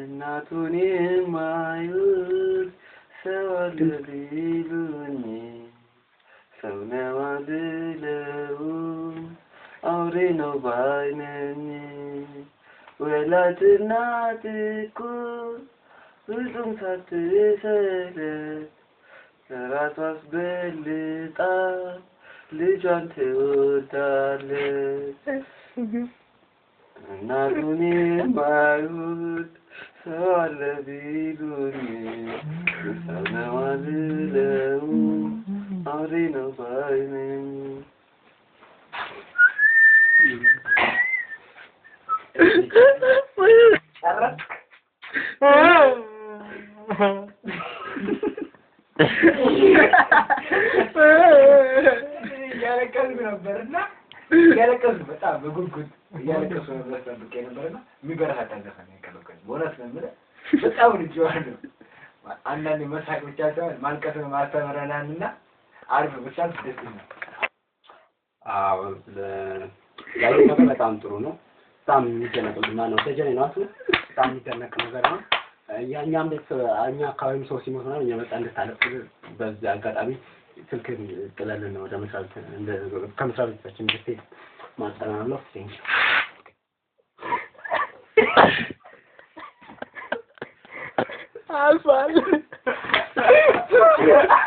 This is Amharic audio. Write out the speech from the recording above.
እናቱን የማዩት ሰው አለ ሊሉኝ ሰው ነው አልለው አውሬ ነው ባይነኝ ወላድ እናት እኮ ብዙም ሳትሰለት ከራሷ አስበልጣ ልጇን ትወዳለች እናቱን የማዩት على بيدوني أنا وعدله عرينا فاينين ያለቀ ህዝብ ነበርና ያለቀ ህዝብ በጣም በጉድጉድ ያለቀ ሰው ነበርና የሚበረታታ ዘፈን ያቀለቀል በእውነት ነው የምልህ በጣም ልጅዋለሁ። አንዳንድ መሳቅ ብቻ ሳይሆን ማልቀስ ማስተምረናል እና አርፍ ብቻ ደስ ይላል። አዎ ያሉት በጣም ጥሩ ነው። በጣም የሚደነቅ ማነው ተጀነናቱ በጣም የሚደነቅ ነገር ነው። እኛም ቤት እኛ አካባቢም ሰው ሲሞት ምናምን እየመጣ እንድታለቅ በዚህ አጋጣሚ ስልክ ጥለልን ወደ ከመስሪያ ቤታችን እንድትሄድ ማጠናለሁ። ቴንኪው Have fun.